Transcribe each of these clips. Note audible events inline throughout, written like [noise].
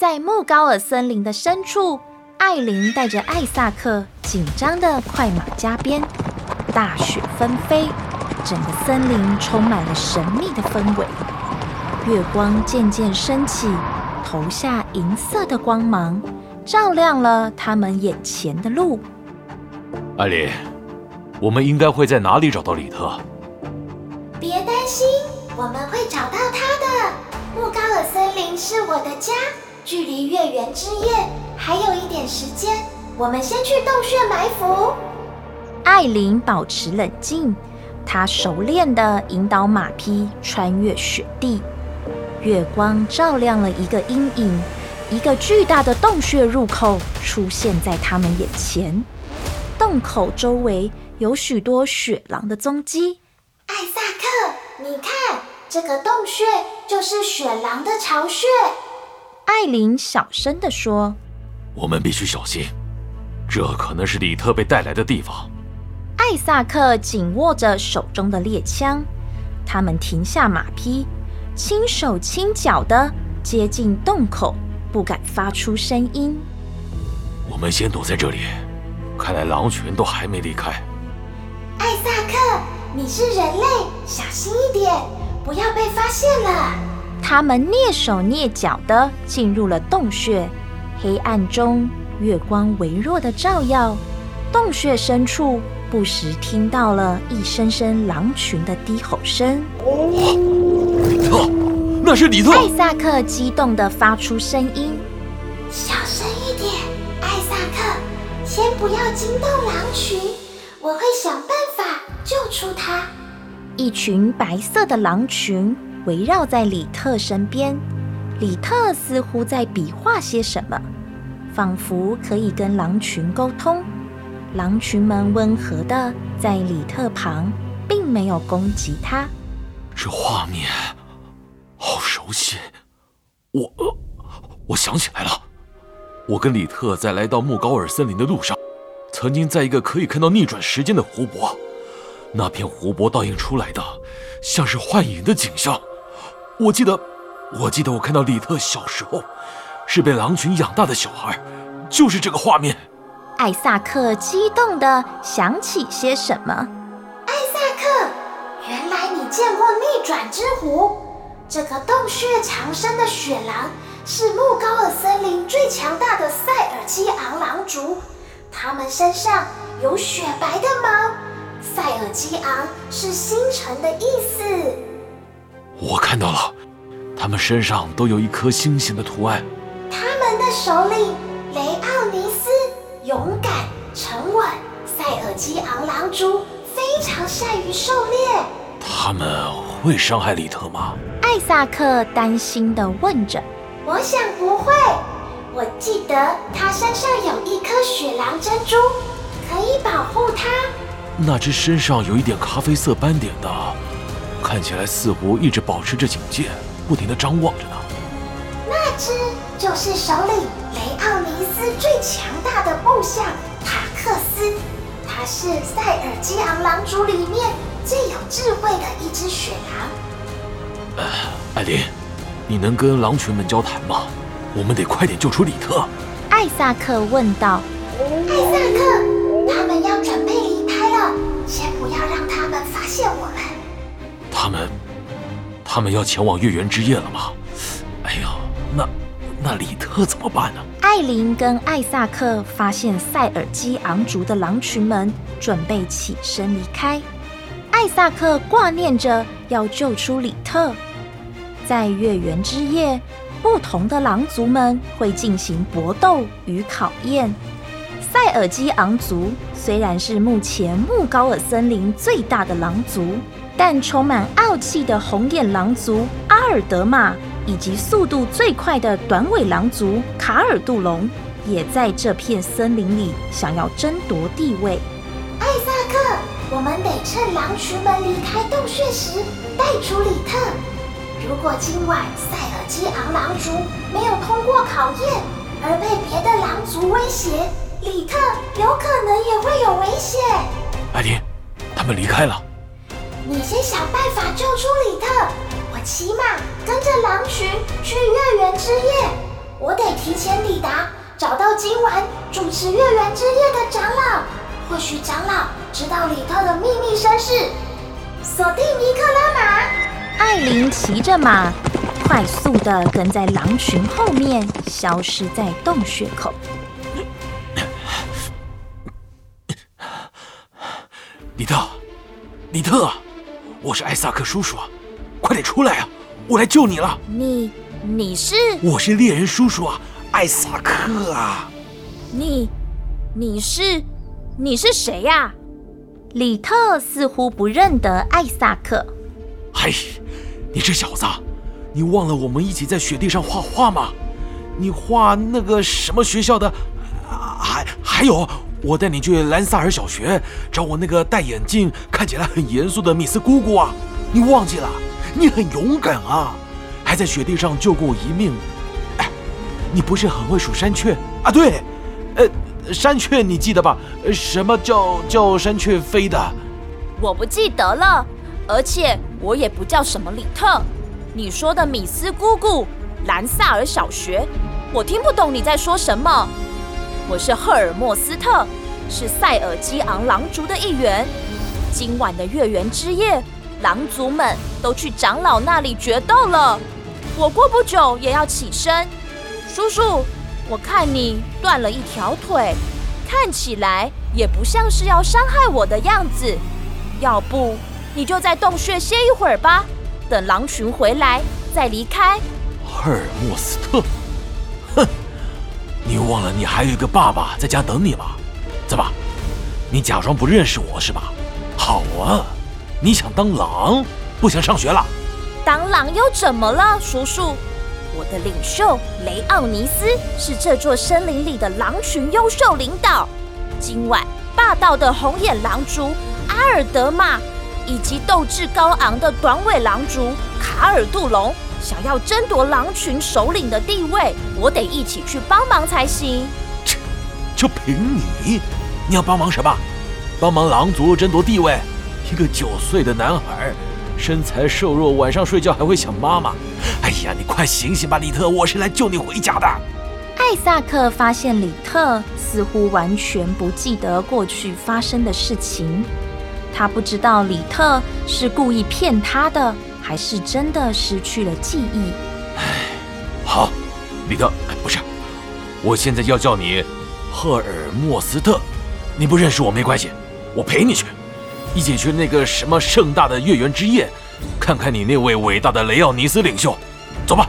在穆高爾森林的深處，艾琳帶着艾薩克緊張的快馬加鞭。大雪紛飛，整個森林充滿了神秘的氛圍。月光漸漸升起，投下銀色的光芒，照亮了他們眼前的路。艾琳，我們應該會在哪裡找到里特？別擔心，我們會找到。距離月圓之夜還有一點時間，我們先去洞穴埋伏。艾琳保持冷靜，她熟練地引導馬匹穿越雪地。月光照亮了一個陰影，一個巨大的洞穴入口出現在他們眼前。洞口周圍有許多雪狼的蹤跡。艾薩克，你看，這個洞穴就是雪狼的巢穴。艾琳小聲地說：“我們必須小心，這可能是里特被帶來的地方。”艾薩克緊握着手中的獵槍，他們停下馬匹，輕手輕腳地接近洞口，不敢發出聲音。我們先躲在這裡，看來狼群都還沒離開。艾薩克，你是人類，小心一點，不要被發現了。他們躡手躡腳地進入了洞穴，黑暗中月光微弱地照耀，洞穴深處不時聽到了一聲聲狼群的低吼聲。啊，里特，那是里特！艾薩克激動地發出聲音：“小聲一點，艾薩克，先不要驚動狼群，我會想辦法救出他。”一群白色的狼群。圍繞在里特身邊，里特似乎在比劃些什麼，仿佛可以跟狼群溝通。狼群們溫和的在里特旁，並沒有攻擊他。這畫面好熟悉，我我想起來了，我跟里特在來到穆高爾森林的路上，曾經在一個可以看到逆轉時間的湖泊，那片湖泊倒映出來的像是幻影的景象。我記得，我記得我看到里特小時候是被狼群養大的小孩，就是這個畫面。艾薩克激動地想起些什麼。艾薩克，原來你見過逆轉之狐？這個洞穴藏身的雪狼，是穆高爾森林最強大的塞爾基昂狼族。它們身上有雪白的毛。塞爾基昂是星辰的意思。我看到了，他們身上都有一顆星星的圖案。他們的首領雷奧尼斯勇敢沉穩，賽爾基昂狼族非常善於狩獵。他們會傷害里特嗎？艾薩克擔心地問着。我想不會，我記得他身上有一顆雪狼珍珠，可以保護他。那隻身上有一點咖啡色斑點的。看起來似乎一直保持着警戒，不停地張望着呢。那只就是首領雷奧尼斯最強大的部下塔克斯，他是塞爾基昂狼族裡面最有智慧的一隻雪狼。呃、啊，艾琳，你能跟狼群們交談嗎？我們得快點救出里特。艾薩克問道。艾薩克，他們要準備離開了，先不要讓他們發現我們。他們，他們要前往月圓之夜了嗎？哎呦，那那里特怎麼辦呢？艾琳跟艾薩克發現塞爾基昂族的狼群們準備起身離開，艾薩克掛念着要救出里特。在月圓之夜，不同的狼族們會進行搏鬥與考驗。塞爾基昂族雖然是目前穆高爾森林最大的狼族。但充滿傲氣的紅眼狼族阿爾德瑪，以及速度最快的短尾狼族卡爾杜龍，也在這片森林裡想要爭奪地位。艾薩克，我們得趁狼群們離開洞穴時帶出里特。如果今晚塞爾基昂狼族沒有通過考驗，而被別的狼族威脅，里特有可能也會有危險。艾琳，他們離開了。你先想辦法救出里特，我騎馬跟着狼群去月圓之夜。我得提前抵達，找到今晚主持月圓之夜的長老。或許長老知道里特的秘密身世。鎖定尼克拉瑪，艾琳騎着馬，快速的跟在狼群後面，消失在洞穴口。里特，里特啊。我是艾薩克叔叔，快點出來啊！我來救你了。你你是？我是獵人叔叔啊，艾薩克啊。你你，你是你是誰呀、啊？里特似乎不認得艾薩克。嘿，你這小子，你忘了我們一起在雪地上畫畫嗎？你畫那個什麼學校的？啊、還還有。我帶你去蘭薩爾小學找我那個戴眼鏡、看起來很嚴肅的米斯姑姑啊！你忘記了？你很勇敢啊，還在雪地上救過我一命。哎，你不是很會數山雀啊？對，呃，山雀你記得吧？什麼叫叫山雀飛的？我不記得了，而且我也不叫什麼里特。你說的米斯姑姑、蘭薩爾小學，我聽不懂你在說什麼。我是赫爾莫斯特，是塞爾基昂狼族的一員。今晚的月圓之夜，狼族們都去長老那裡決鬥了。我過不久也要起身。叔叔，我看你斷了一條腿，看起來也不像是要傷害我的樣子。要不你就在洞穴歇一會兒吧，等狼群回來再離開。赫爾莫斯特。別忘了你還有一個爸爸在家等你吧。怎麼，你假裝不認識我是吧？好啊，你想當狼，不想上學了？當狼又怎麼了，叔叔？我的領袖雷奧尼斯是這座森林裡的狼群優秀領導。今晚，霸道的紅眼狼族阿爾德瑪，以及鬥志高昂的短尾狼族卡爾杜隆想要爭奪狼群首領的地位，我得一起去幫忙才行。切，就憑你，你要幫忙什麼？幫忙狼族爭奪地位？一個九歲的男孩，身材瘦弱，晚上睡覺還會想媽媽。哎呀，你快醒醒吧，里特，我是來救你回家的。艾薩克發現里特似乎完全不記得過去發生的事情，他不知道里特是故意騙他的。還是真的失去了記憶？哎，好，里特，不是，我現在要叫你赫爾莫斯特。你不認識我沒關係，我陪你去，一起去那個什麼盛大的月圓之夜，看看你那位偉大的雷奧尼斯領袖。走吧。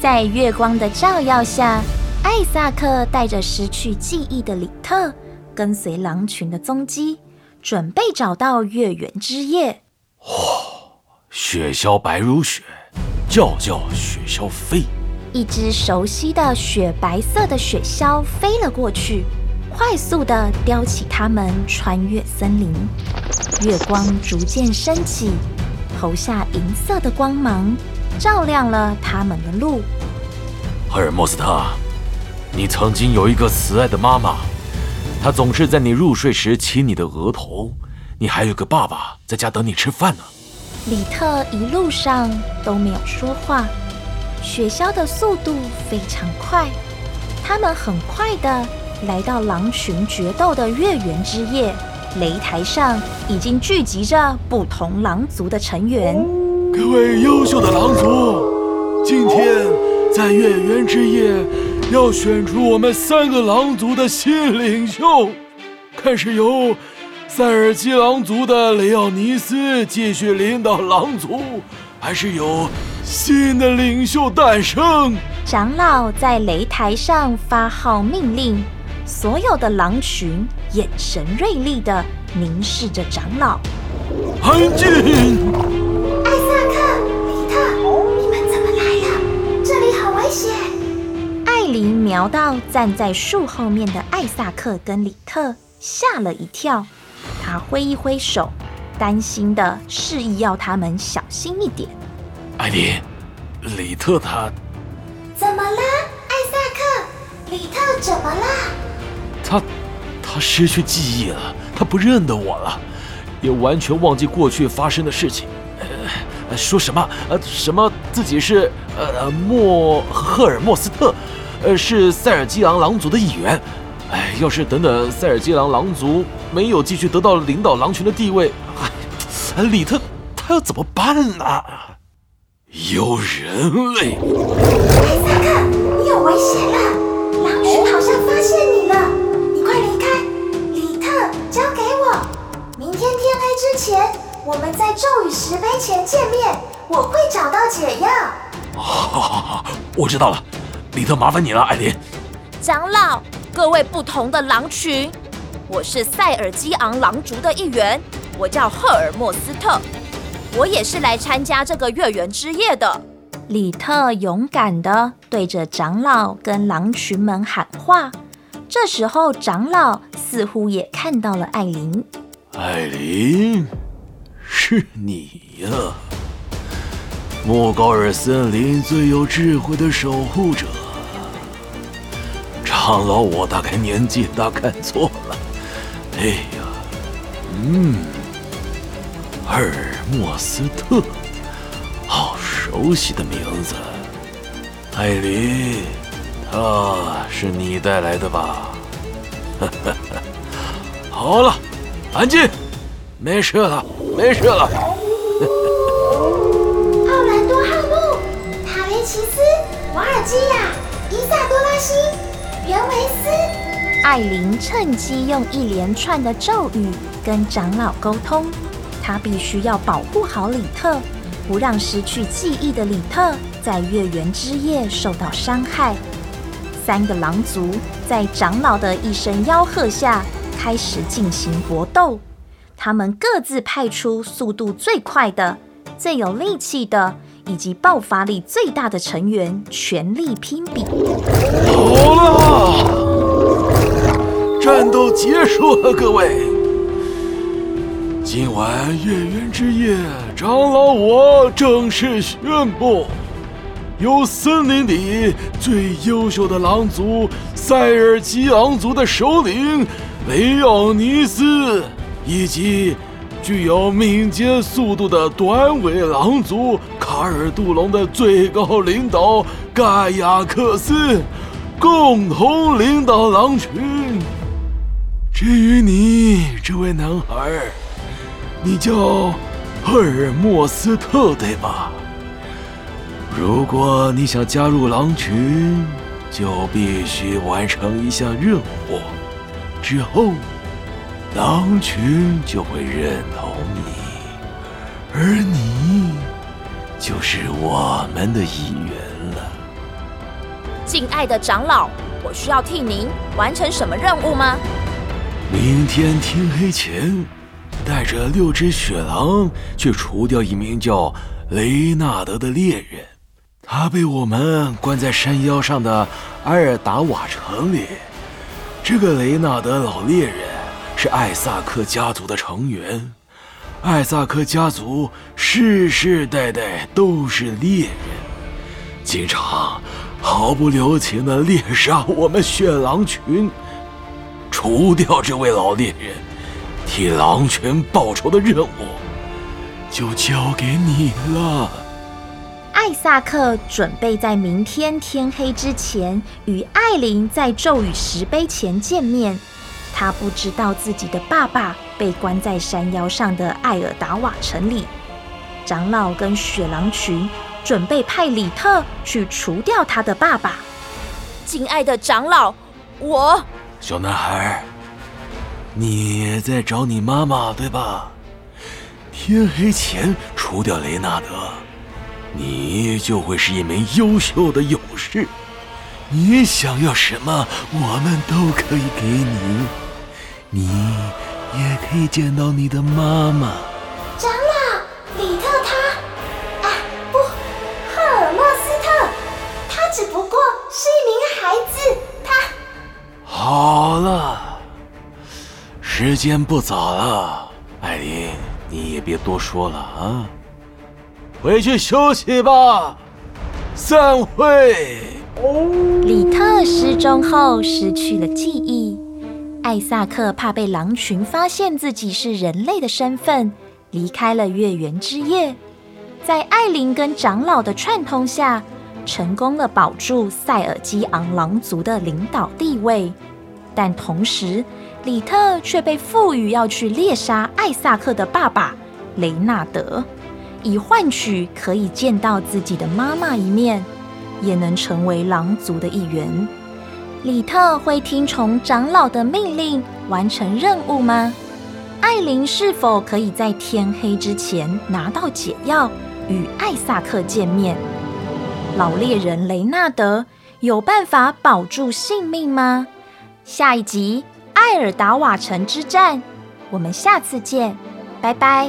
在月光的照耀下，艾薩克帶着失去記憶的里特，跟隨狼群的蹤跡，準備找到月圓之夜。雪鴞白如雪，叫叫雪鴞飛。一只熟悉的雪白色的雪鴞飛了過去，快速的叼起它們，穿越森林。月光逐漸升起，投下銀色的光芒，照亮了他們的路。赫爾莫斯特，你曾經有一個慈愛的媽媽，她總是在你入睡時親你的額頭。你還有個爸爸在家等你吃飯呢。里特一路上都沒有說話。雪橇的速度非常快，他們很快地來到狼群決鬥的月圓之夜。擂台上已經聚集着不同狼族的成員。各位優秀的狼族，今天在月圓之夜要選出我們三個狼族的新領袖，開始由。塞爾奇狼族的雷奧尼斯繼續領導狼族，還是有新的領袖誕生？長老在擂台上發號命令，所有的狼群眼神銳利地凝視着長老。安靜！艾薩克、里特，你們怎麼來了？這裡好危險！艾琳瞄到站在樹後面的艾薩克跟里特，嚇了一跳。他揮一揮手，擔心地示意要他們小心一點。艾琳，里特他怎麼了？艾薩克，里特怎麼了？他，他失去記憶了，他不認得我了，也完全忘記過去發生的事情。呃、說什麼？呃，什麼自己是呃莫赫爾莫斯特，呃是塞爾基昂狼狼族的一員。哎、呃，要是等等塞爾基昂狼狼族沒有繼續得到領導狼群的地位，哎，里特，他要怎麼辦呢、啊？有人類。艾、哎、薩克，你有危險了，狼群好像發現你了，你快離開，里特交給我。明天天黑之前，我們在咒語石碑前見面，我會找到解藥。好好好，我知道了，里特麻煩你了，艾琳。長老，各位不同的狼群。我是塞爾基昂狼族的一員，我叫赫爾莫斯特。我也是來參加這個月圓之夜的。里特勇敢的對着長老跟狼群們喊話。這時候，長老似乎也看到了艾琳。艾琳，是你呀！穆高爾森林最有智慧的守護者。長老，我大概年紀大看錯了。哎呀，嗯，阿爾莫斯特，好熟悉的名字。艾琳，他是你帶來的吧？哈哈，好了，安靜，沒事了，沒事了。 [laughs] 奧蘭多·漢姆、塔維奇斯、瓦爾基亞、伊薩多拉·西、原維斯。艾琳趁機用一連串的咒語跟長老溝通，她必須要保護好里特，不讓失去記憶的里特在月圓之夜受到傷害。三個狼族在長老的一聲吆喝下開始進行搏鬥，他們各自派出速度最快的、最有力氣的以及爆發力最大的成員，全力拼比。戰鬥結束了，各位。今晚月圓之夜，長老我正式宣布，由森林裡最優秀的狼族塞爾吉昂族的首領梅奧尼斯，以及具有敏捷速度的短尾狼族卡爾杜龍的最高領導蓋亞克斯，共同領導狼群。至於你，這位男孩，你叫赫爾莫斯特，對吧？如果你想加入狼群，就必須完成一項任務，之後狼群就會認同你，而你就是我們的一員了。敬愛的長老，我需要替您完成什麼任務嗎？明天天黑前，帶着六隻雪狼去除掉一名叫雷納德的獵人。他被我們關在山腰上的埃爾達瓦城裡。這個雷納德老獵人是艾薩克家族的成員。艾薩克家族世世代代都是獵人，經常毫不留情地獵殺我們雪狼群。除掉這位老獵人，替狼群報仇的任務就交給你了。艾薩克準備在明天天黑之前與艾琳在咒語石碑前見面。他不知道自己的爸爸被關在山腰上的艾爾達瓦城裡。長老跟雪狼群準備派里特去除掉他的爸爸。敬愛的長老，我。小男孩，你在找你媽媽，對吧？天黑前除掉雷納德，你就會是一名優秀的勇士。你想要什麼，我們都可以給你。你也可以見到你的媽媽。好了，時間不早了，艾琳，你也別多說了啊，回去休息吧。散會。哦，里特失蹤後失去了記憶，艾薩克怕被狼群發現自己是人類的身份，離開了月圓之夜。在艾琳跟長老的串通下，成功的保住塞爾基昂狼族的領導地位。但同時，里特卻被賦予要去獵殺艾薩克的爸爸雷納德，以換取可以見到自己的媽媽一面，也能成為狼族的一員。里特會聽從長老的命令完成任務嗎？艾琳是否可以在天黑之前拿到解藥與艾薩克見面？老獵人雷納德有辦法保住性命嗎？下一集《艾爾達瓦城之戰》，我們下次見，拜拜。